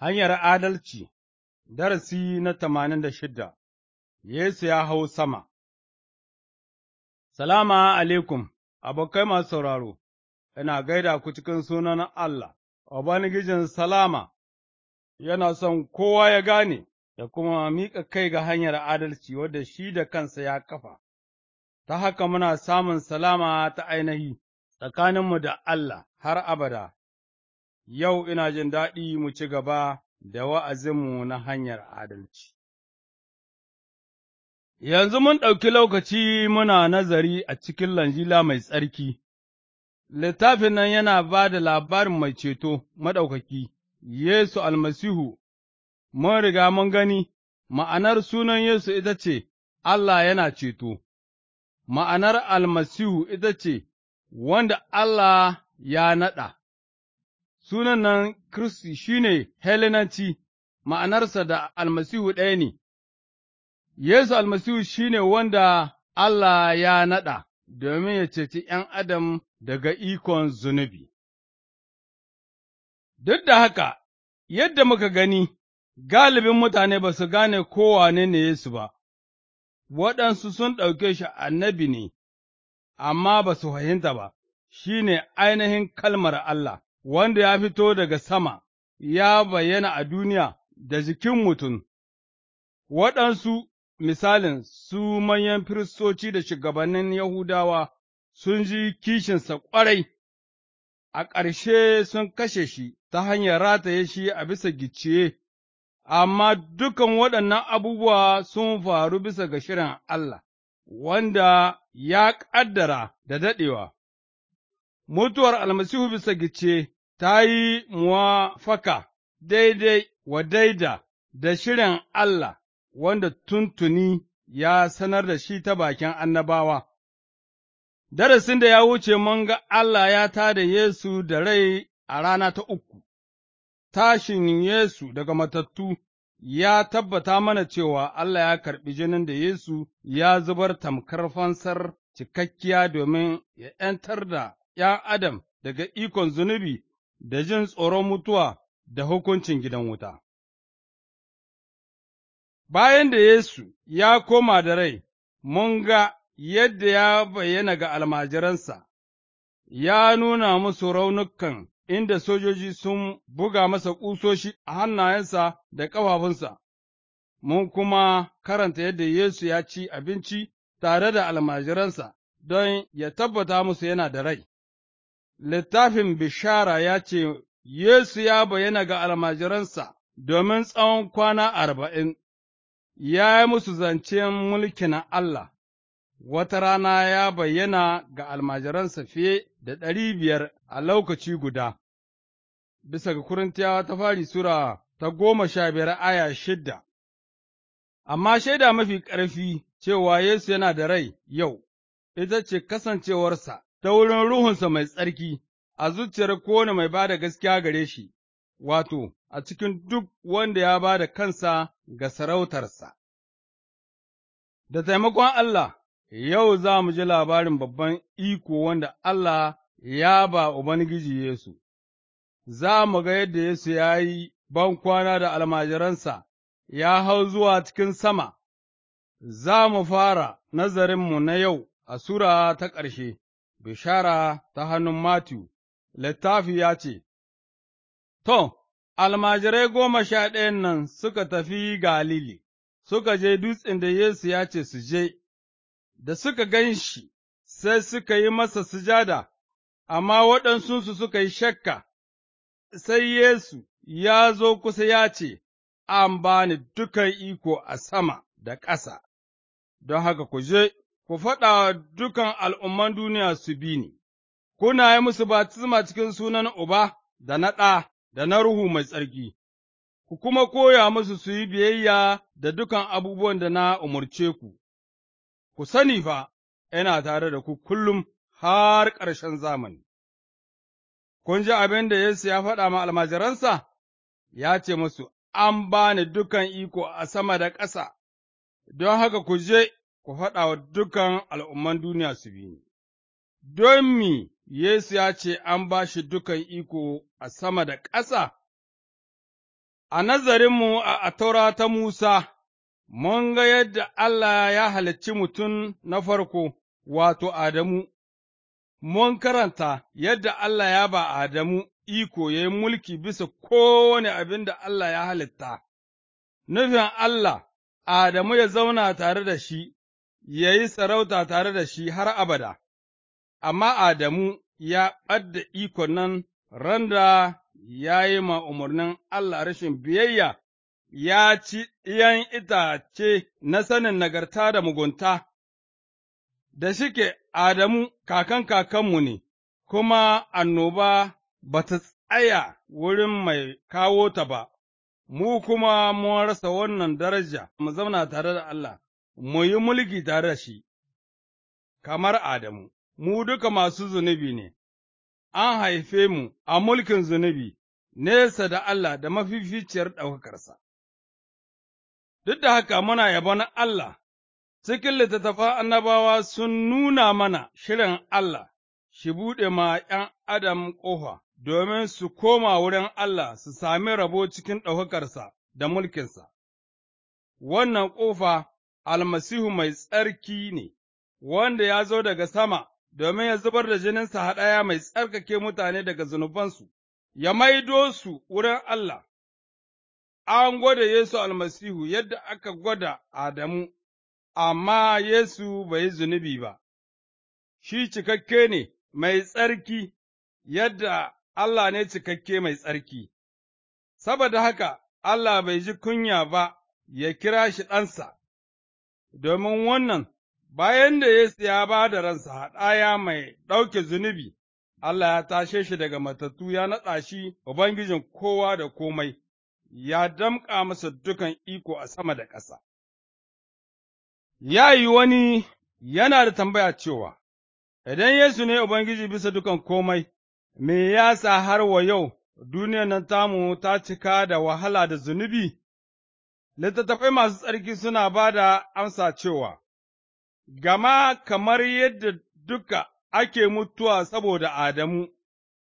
Hanyar adalci Darasi na tamanin da shida Yesu ya hau sama Salama alaikum, abokai masu sauraro, ina gaida ku cikin sunan Allah, Ubangijin Salama, yana son kowa ya gane, da kuma miƙa kai ga hanyar adalci wadda shi da kansa ya kafa, ta haka muna samun salama ta ainihi tsakaninmu da Allah har abada Yau ina jin daɗi mu ci gaba da wa'azinmu na hanyar adalci. Yanzu mun ɗauki lokaci muna nazari a cikin Lanjila mai tsarki, littafin nan yana ba da labarin mai ceto maɗaukaki, Yesu almasihu, mun riga mun gani, ma'anar sunan Yesu ita ce, Allah yana ceto, ma'anar almasihu ita ce, wanda Allah ya naɗa. Sunan nan Kiristi shi ne Helenanci, ma'anarsa da almasihu ɗaya ne, Yesu almasihu shi ne wanda Allah ya naɗa domin ya ceci ’yan adam daga ikon zunubi. Duk da haka, yadda muka gani, galibin mutane ba su gane kowane ne Yesu ba, waɗansu sun ɗauke shi annabi ne, amma ba su fahimta ba, shi ne ainihin kalmar Allah. wanda ya fito daga sama, ya bayyana a duniya da jikin mutum, waɗansu misalin su manyan firistoci da shugabannin Yahudawa sun ji kishinsa ƙwarai, a ƙarshe sun kashe shi ta hanyar rataye shi a bisa gicciye, amma dukan waɗannan abubuwa sun faru bisa ga shirin Allah, wanda ya ƙaddara da daɗewa. mutuwar almasihu bisa gice ta yi muwafaka daidai wa daida da shirin Allah wanda tuntuni ya sanar da shi ta bakin annabawa. Darasin da ya wuce mun ga Allah ya ta da Yesu da rai a rana ta uku, tashin Yesu daga matattu ya tabbata mana cewa Allah ya karɓi jinin da Yesu ya zubar tamkar fansar cikakkiya domin ya ’yantar da ’yan Adam daga ikon zunubi da jin tsoron mutuwa da hukuncin gidan wuta. Bayan da Yesu ya koma da rai, mun ga yadda ya bayyana ga almajiransa, ya nuna musu raunukan inda sojoji sun buga masa ƙusoshi a hannayensa da ƙafafunsa, mun kuma karanta yadda Yesu ya ci abinci tare da almajiransa don ya tabbata musu yana da rai. littafin bishara ya ce, Yesu ya bayyana ga almajiransa domin tsawon kwana arba'in, ya yi musu zancen mulkin Allah, wata rana ya bayyana ga almajiransa fiye da ɗari biyar a lokaci guda, bisa ga Kurintiyawa ta fari Sura ta goma sha biyar aya shidda. Amma shaida mafi ƙarfi cewa Yesu yana da rai yau, ita ce kasancewarsa ta wurin Ruhunsa mai tsarki a zuciyar kowane mai ba da gaskiya gare shi, wato, a cikin duk wanda ya ba da kansa ga sarautarsa. Da taimakon Allah, yau za mu ji labarin babban iko wanda Allah ya ba Ubangiji Yesu, za mu ga yadda Yesu ya yi kwana da almajiransa, ya hau zuwa cikin sama, za mu fara nazarinmu na yau a Sura ta ƙarshe. Bishara ta hannun Matiyu, littafi ya ce, To, almajirai goma sha ɗayan nan suka tafi Galili, suka je dutsen da Yesu ya ce su je, da suka gan shi, sai suka yi masa sujada, amma waɗansunsu suka yi shakka, sai Yesu ya zo kusa ya ce, An bani ni dukan iko a sama da ƙasa, don haka ku je ku faɗa dukan al'umman duniya su bi ni, kuna yi musu batisma cikin sunan Uba da na ɗa da na Ruhu mai tsarki, ku kuma koya musu su yi biyayya da dukan abubuwan da na umarce ku, ku sani fa, ina tare da ku kullum har ƙarshen zamani. Kun ji abin da Yesu ya faɗa ma almajiransa, ya ce musu, An ba ni dukan iko a sama da ƙasa, don haka ku je ku faɗa wa dukan al'umman duniya su bi ni, don mi Yesu ya ce an ba shi dukan iko a sama da ƙasa? A nazarinmu a taura ta Musa, mun ga yadda Allah ya halicci mutum na farko, wato Adamu, mun karanta yadda Allah ya ba Adamu iko ya yi mulki bisa kowane abin da Allah ya halitta, nufin Allah, Adamu ya zauna tare da shi, ya yi sarauta tare da shi har abada, amma Adamu ya ɓadda ikon nan da ya yi ma umarnin Allah rashin biyayya, ya ci ɗiyan itace na sanin nagarta da mugunta, da shike Adamu kakan kakanmu ne, kuma annoba ba ta tsaya wurin mai kawo ta ba, mu kuma mun rasa wannan daraja mu zauna tare da Allah. mu yi mulki tare da shi, kamar Adamu, mu duka masu zunubi ne, an haife mu a mulkin zunubi nesa da Allah da mafificiyar ɗaukakarsa. Duk da haka muna yabon Allah, cikin littattafan annabawa sun nuna mana shirin Allah, shi buɗe ma ’yan Adam ƙofa domin su koma wurin Allah su sami rabo cikin ɗaukakarsa da mulkinsa. Wannan ƙofa almasihu mai tsarki ne, wanda ya zo daga sama domin ya zubar da jininsa haɗaya mai tsarkake mutane daga zunubansu, ya maido su wurin Allah. An gwada Yesu almasihu yadda aka gwada Adamu, amma Yesu bai yi zunubi ba, shi cikakke ne mai tsarki yadda Allah ne cikakke mai tsarki, saboda haka Allah bai ji kunya ba ya kira shi ɗansa. domin wannan, bayan da Yesu ya ba da ransa haɗaya mai ɗauke zunubi, Allah ya tashe shi daga matattu ya naɗa shi Ubangijin kowa da komai, ya damƙa masa dukan iko a sama da ƙasa. Ya yi wani yana da tambaya cewa, Idan Yesu ne Ubangiji bisa dukan komai, me ya sa har wa yau duniyar nan tamu ta cika da wahala da zunubi? littattafai masu tsarki suna ba da amsa cewa, Gama kamar yadda duka ake mutuwa saboda Adamu,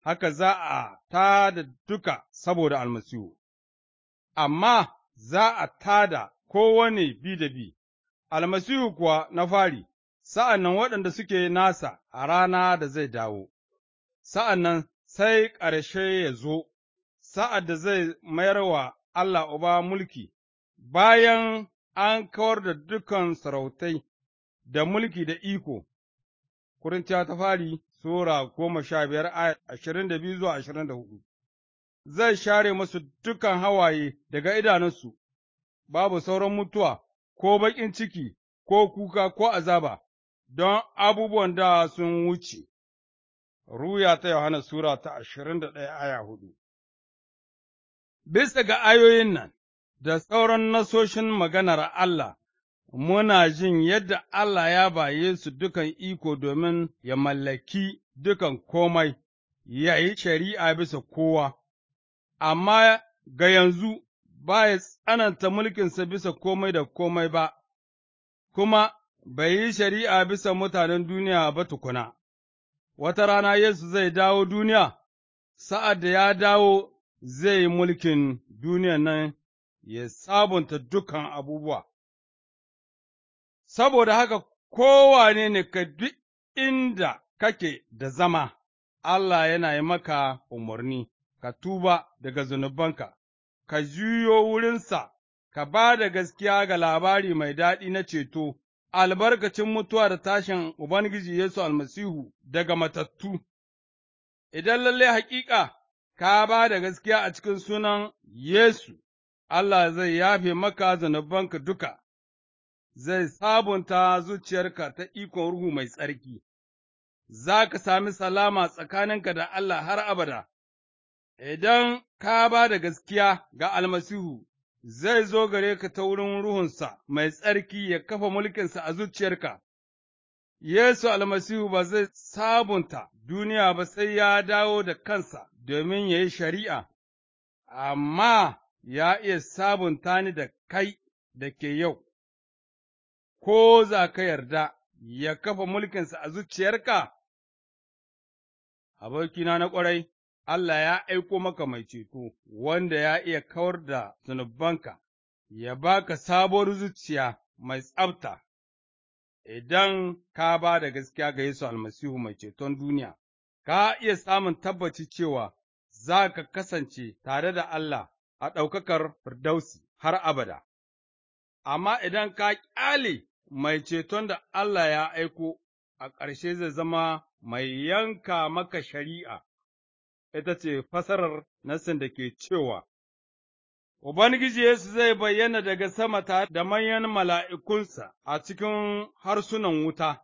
haka za a ta da duka saboda almasihu, amma za a ta da kowane bi da bi, almasihu kuwa na fari, sa'an nan waɗanda suke nasa a rana da zai dawo, sa'an nan sai ƙarshe ya zo, sa'ad da zai mayar wa Allah Uba mulki bayan an kawar da dukan sarautai da mulki da iko, Kurintiya ta fari Sura goma sha biyar ashirin da biyu zuwa ashirin da hudu, zai share masu dukan hawaye daga idanunsu, babu sauran mutuwa, ko baƙin ciki, ko kuka, ko azaba, don abubuwan da sun wuce. Ruya ta Yohana Sura ta ashirin da ɗaya aya hudu Bisa ga ayoyin nan, da sauran nasoshin maganar Allah, muna jin yadda Allah ya baye su dukan iko domin ya mallaki dukan komai, ya yi shari'a bisa kowa, amma ga yanzu ba ya tsananta mulkinsa bisa komai da komai ba, kuma bai yi shari'a bisa mutanen duniya ba tukuna. Wata rana Yesu zai dawo duniya, sa'ad da ya dawo zai yi mulkin duniyan nan ya sabunta dukan abubuwa. Saboda haka kowane ne ka duk inda kake da zama, Allah yana yi maka umarni, ka tuba daga zunubanka, ka juyo wurinsa, ka ba da gaskiya ga labari mai daɗi na ceto, albarkacin mutuwa da tashin Ubangiji Yesu almasihu daga matattu. Idan lalle hakika ka ba da gaskiya a cikin sunan Yesu, Allah zai yafe maka zunubanka duka, zai sabunta zuciyarka ta ikon Ruhu mai tsarki, za ka sami salama tsakaninka da Allah har abada, idan ka ba da gaskiya ga almasihu, zai zo gare ka ta wurin Ruhunsa mai tsarki ya kafa mulkinsa a zuciyarka. Yesu almasihu ba zai sabunta duniya ba sai ya dawo da kansa domin ya yi shari'a, amma ya iya sabunta ni da kai da ke yau, ko za ka yarda ya kafa mulkinsa a zuciyarka? Abokina na ƙwarai, Allah ya aiko maka mai ceto, wanda ya iya kawar da zunubanka, ya baka sabuwar zuciya mai tsabta, idan ka ba da gaskiya ga Yesu almasihu mai ceton duniya, ka iya samun tabbaci cewa za ka kasance tare da Allah a ɗaukakar Firdausi har abada. Amma idan ka ƙyale mai ceton da Allah ya aiko, a ƙarshe zai zama mai yanka maka shari'a, ita ce fasarar nassin da ke cewa, Ubangiji Yesu zai bayyana daga sama ta da manyan mala'ikunsa a cikin harsunan wuta,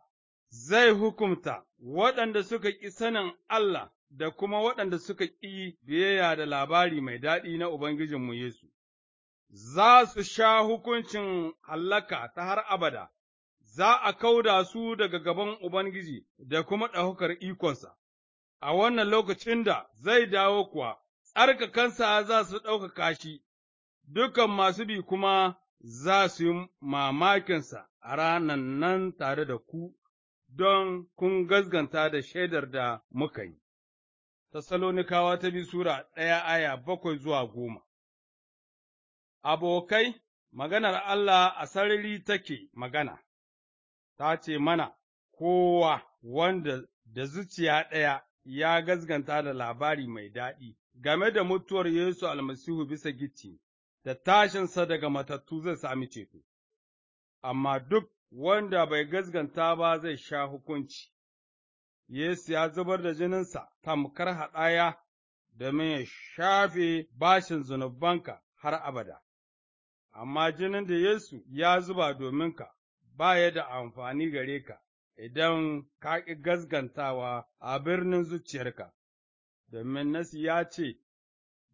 zai hukumta waɗanda suka ƙi sanin Allah da kuma waɗanda suka ƙi biyayya da labari mai daɗi na Ubangijinmu Yesu, za su sha hukuncin hallaka ta har abada, za a kauda su daga gaban Ubangiji da kuma ɗaukar ikonsa, a wannan lokacin da zai dawo kuwa, tsarkakansa za su ɗaukaka shi, dukan masu bi kuma za su yi mamakinsa a ranan nan tare da ku, don kun gazganta da shaidar da muka yi. Tessalonikawa ta bi Sura ɗaya aya bakwai zuwa goma Abokai, maganar Allah a sarari take magana, ta ce mana, Kowa wanda da zuciya ɗaya ya gazganta da labari mai daɗi game da mutuwar Yesu almasihu bisa gici da tashinsa daga matattu zai sami ceto, amma duk wanda bai gazganta ba zai sha hukunci. Yesu ya zubar da jininsa tamkar haɗaya domin ya shafe bashin zunubanka har abada, amma jinin da Yesu ya zuba dominka ba ya da amfani gare ka idan ka ƙi gazgantawa a birnin zuciyarka, domin Nasi ya ce,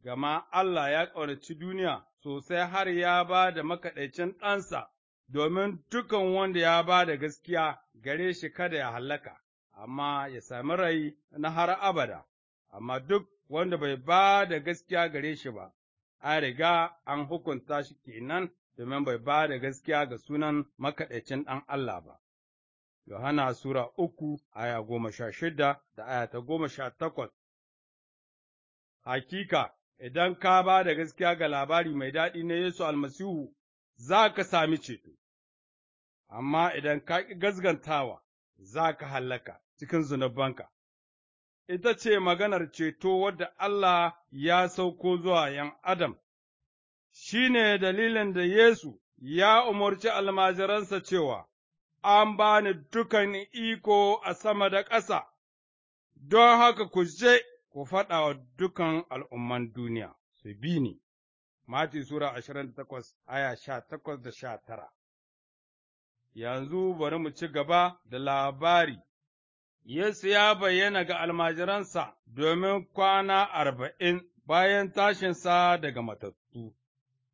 Gama Allah ya ƙaunaci duniya sosai har ya ba da makaɗaicin ɗansa domin dukan wanda ya ba da gaskiya gare shi kada ya hallaka. amma ya sami rai na har abada, amma duk wanda bai ba da gaskiya gare shi ba, an riga an hukunta shi kenan domin bai ba da gaskiya ga sunan makaɗaicin ɗan Allah ba. Yohana Sura uku, aya goma sha shida da aya ta goma sha takwas. Hakika, idan ka ba da gaskiya ga labari mai daɗi na Yesu almasihu, za ka sami ceto, amma idan ka ƙi gazgantawa, za ka hallaka. cikin zunubanka. Ita ce maganar ceto wadda Allah ya sauko zuwa ’yan Adam, shi ne dalilin da Yesu ya umarci almajiransa cewa, An ba ni dukan iko a sama da ƙasa, don haka ku je ku faɗa wa dukan al'umman duniya su bi ni. Mati Sura ashirin da takwas aya sha takwas da sha tara Yanzu bari mu ci gaba da labari Yesu ya bayyana ga almajiransa domin kwana arba'in bayan tashinsa daga matattu.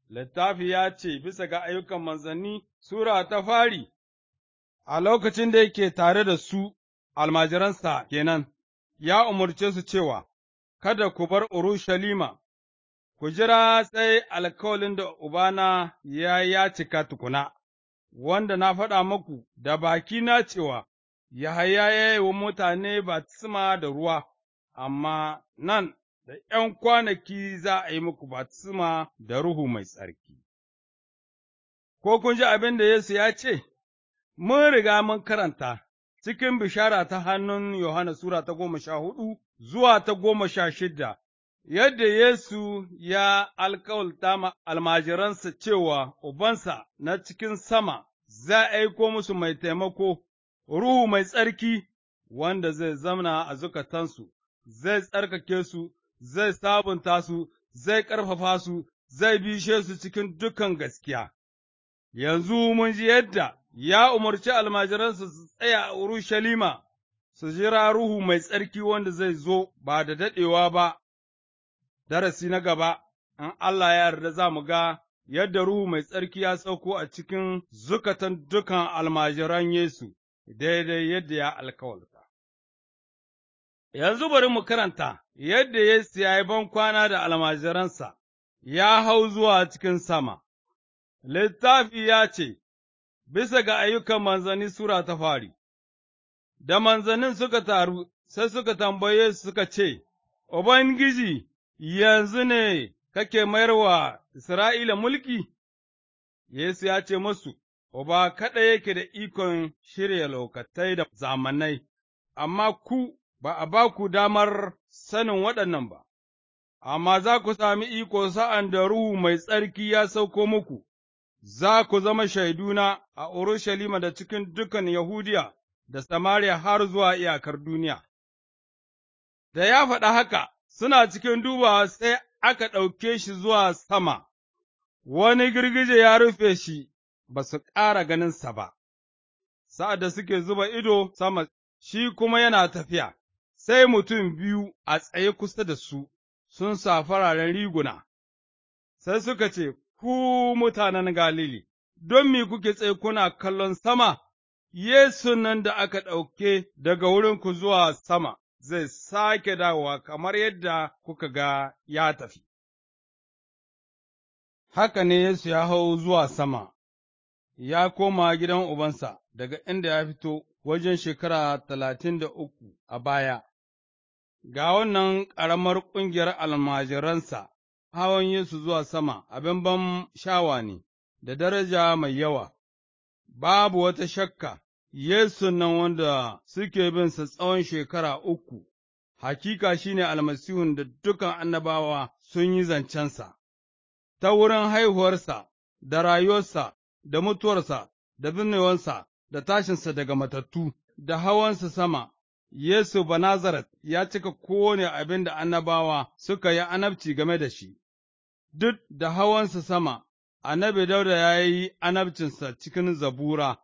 Littafi ya ce bisa ga ayyukan manzanni Sura ta fari, a lokacin da yake tare da su almajiransa kenan, ya umarce su cewa, Kada ku bar Urushalima, ku jira sai alkawalin da Ubana ya ya cika tukuna, wanda na faɗa muku da baki na cewa, Yahaya ya yi wa mutane tsima da ruwa, amma nan da ’yan kwanaki za a yi muku ba tsima da Ruhu Mai Tsarki. Ko kun ji abin da Yesu ya ce, Mun riga mun karanta cikin bishara ta hannun Yohana Sura ta goma sha hudu zuwa ta goma sha shida yadda Yesu ya alkawalta ma almajiransa cewa Ubansa na cikin sama za a aiko musu mai taimako Ruhu mai tsarki wanda zai zamna a zukatansu, zai tsarkake su, zai sabunta su, zai ƙarfafa su, zai bishe su cikin dukan gaskiya. Yanzu mun ji yadda ya umarci almajiransu su tsaya a Urushalima, su jira Ruhu mai tsarki wanda zai zo ba da daɗewa ba, darasi na gaba, in Allah ya yarda za mu ga yadda Ruhu mai tsarki ya sauko a cikin zukatan dukan almajiran Yesu. daidai yadda ya alkawarta. Yanzu bari mu karanta yadda ya siya yi bankwana da almajiransa, ya hau zuwa cikin sama. Littafi ya ce, Bisa ga ayyukan manzanni Sura ta fari, da manzannin suka taru, sai suka tambaye suka ce, Ubangiji, yanzu ne kake mayar wa Isra'ila mulki? Yesu ya ce musu, Uba kaɗai yake da ikon shirya lokatai da zamanai, amma ku ba a ba ku damar sanin waɗannan ba, amma za ku sami iko sa'an da Ruhu Mai Tsarki ya sauko muku, za ku zama shaiduna a Urushalima da cikin dukan Yahudiya da Samariya har zuwa iyakar duniya. Da ya faɗa haka, suna cikin dubawa sai aka ɗauke shi zuwa sama, wani girgije ya rufe shi. ba su ƙara ganinsa ba, sa'ad da suke zuba ido sama shi kuma yana tafiya, sai mutum biyu a tsaye kusa da su sun sa fararen riguna, sai suka ce, Ku mutanen Galili, don me kuke tsaye kuna kallon sama, Yesu nan da aka ɗauke daga wurinku zuwa sama zai sake dawowa kamar yadda kuka ga ya tafi. Haka ne Yesu ya hau zuwa sama, ya koma gidan ubansa daga inda ya fito wajen shekara talatin da uku a baya, ga wannan ƙaramar ƙungiyar almajiransa hawan Yesu zuwa sama abin ban shawa ne da daraja mai yawa, babu wata shakka, Yesu nan wanda suke bin sa tsawon shekara uku, hakika shi ne almasihun da dukan annabawa sun yi zancensa, ta wurin haihuwarsa da rayuwarsa da mutuwarsa, da binnewansa, da tashinsa daga matattu, da hawansa sama, Yesu Banazaret ya cika kowane abin da annabawa suka yi anabci game da shi, duk da hawansa sama, annabi Dauda ya yi anabcinsa cikin zabura.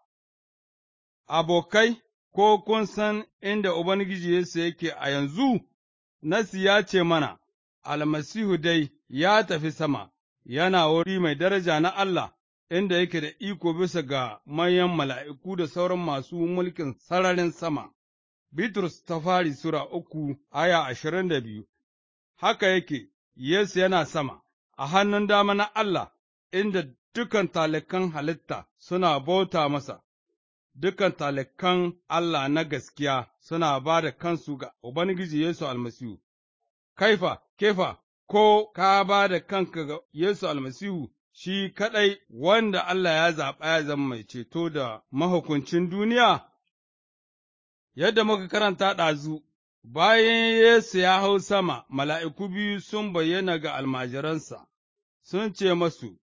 Abokai, ko kun san inda Ubangiji Yesu yake a yanzu, Nasi ya ce mana, Almasihu dai ya tafi sama, yana wuri mai daraja na Allah, inda yake da iko bisa ga manyan mala'iku da sauran masu mulkin sararin sama. Bitrus ta fari Sura uku aya ashirin da biyu Haka yake, Yesu yana sama, a hannun dama na Allah, inda dukan talikan halitta suna bauta masa, dukan talikan Allah na gaskiya suna ba da kansu ga Ubangiji Yesu almasihu. Kaifa, kefa, ko ka ba da kanka ga Yesu almasihu shi kaɗai wanda Allah ya zaɓa ya zama mai ceto da mahukuncin duniya? Yadda muka karanta ɗazu, bayan Yesu ya hau sama, mala'iku biyu sun bayyana ga almajiransa, sun ce masu,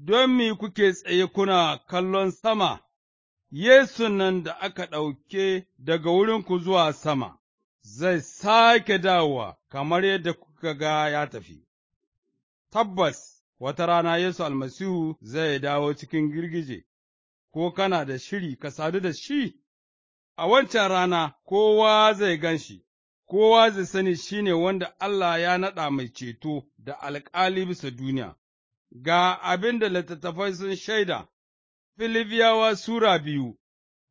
Don mi kuke tsaye kuna kallon sama, Yesu nan da aka ɗauke daga wurinku zuwa sama, zai sake dawowa kamar yadda kuka ga ya tafi. Tabbas, wata rana Yesu almasihu zai dawo cikin girgije, ko kana da shiri ka sadu da shi, a wancan rana kowa zai gan shi, kowa zai sani shi ne wanda Allah ya naɗa mai ceto da alƙali bisa duniya, ga abin da littattafai sun shaida, Filibiyawa Sura biyu.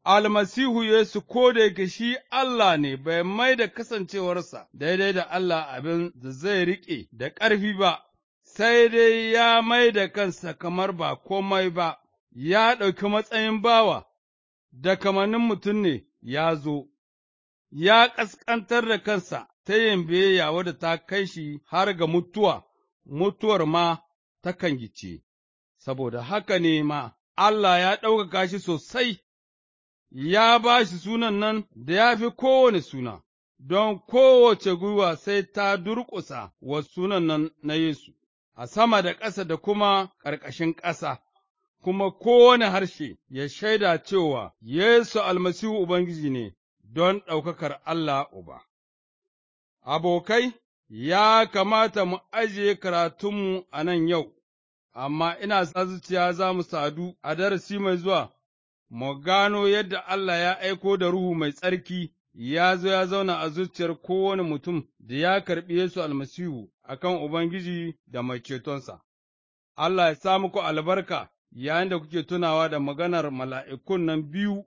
Almasihu Yesu ko da yake shi Allah ne bai mai da kasancewarsa daidai da Allah abin da zai riƙe da ƙarfi ba, sai dai ya mai da kansa kamar ba komai ba, ya ɗauki matsayin bawa, da kamannin mutum ne ya zo, ya ƙasƙantar da kansa ta yin biyayya wadda ta kai shi har ga mutuwa, mutuwar ma ta kan gice, saboda haka ne ma Allah ya ɗaukaka shi sosai, ya ba shi sunan nan da ya fi kowane suna, don kowace gwiwa sai ta durƙusa wa sunan nan na Yesu. a sama da ƙasa da kuma ƙarƙashin ƙasa, kuma kowane harshe ya shaida cewa Yesu almasihu Ubangiji ne don ɗaukakar Allah Uba. Abokai, ya kamata mu ajiye karatunmu a nan yau, amma ina sa zuciya za mu sadu a darasi mai zuwa, mu gano yadda Allah ya aiko da Ruhu mai tsarki ya zo ya zauna a zuciyar kowane mutum da ya karɓi Yesu almasihu a kan Ubangiji da mai cetonsa. Allah ya sa muku albarka yayin da kuke tunawa da maganar mala'ikun nan biyu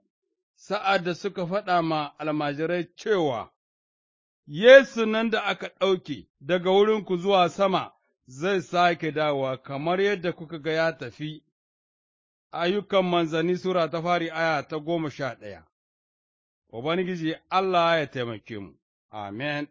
sa'ad da suka faɗa ma almajirai cewa, Yesu nan da aka ɗauke daga wurinku zuwa sama zai sake dawowa kamar yadda kuka ga ya tafi, ayyukan manzanni Sura ta fari aya ta goma sha ɗaya. Ubangiji Allah ya taimake mu, Amen.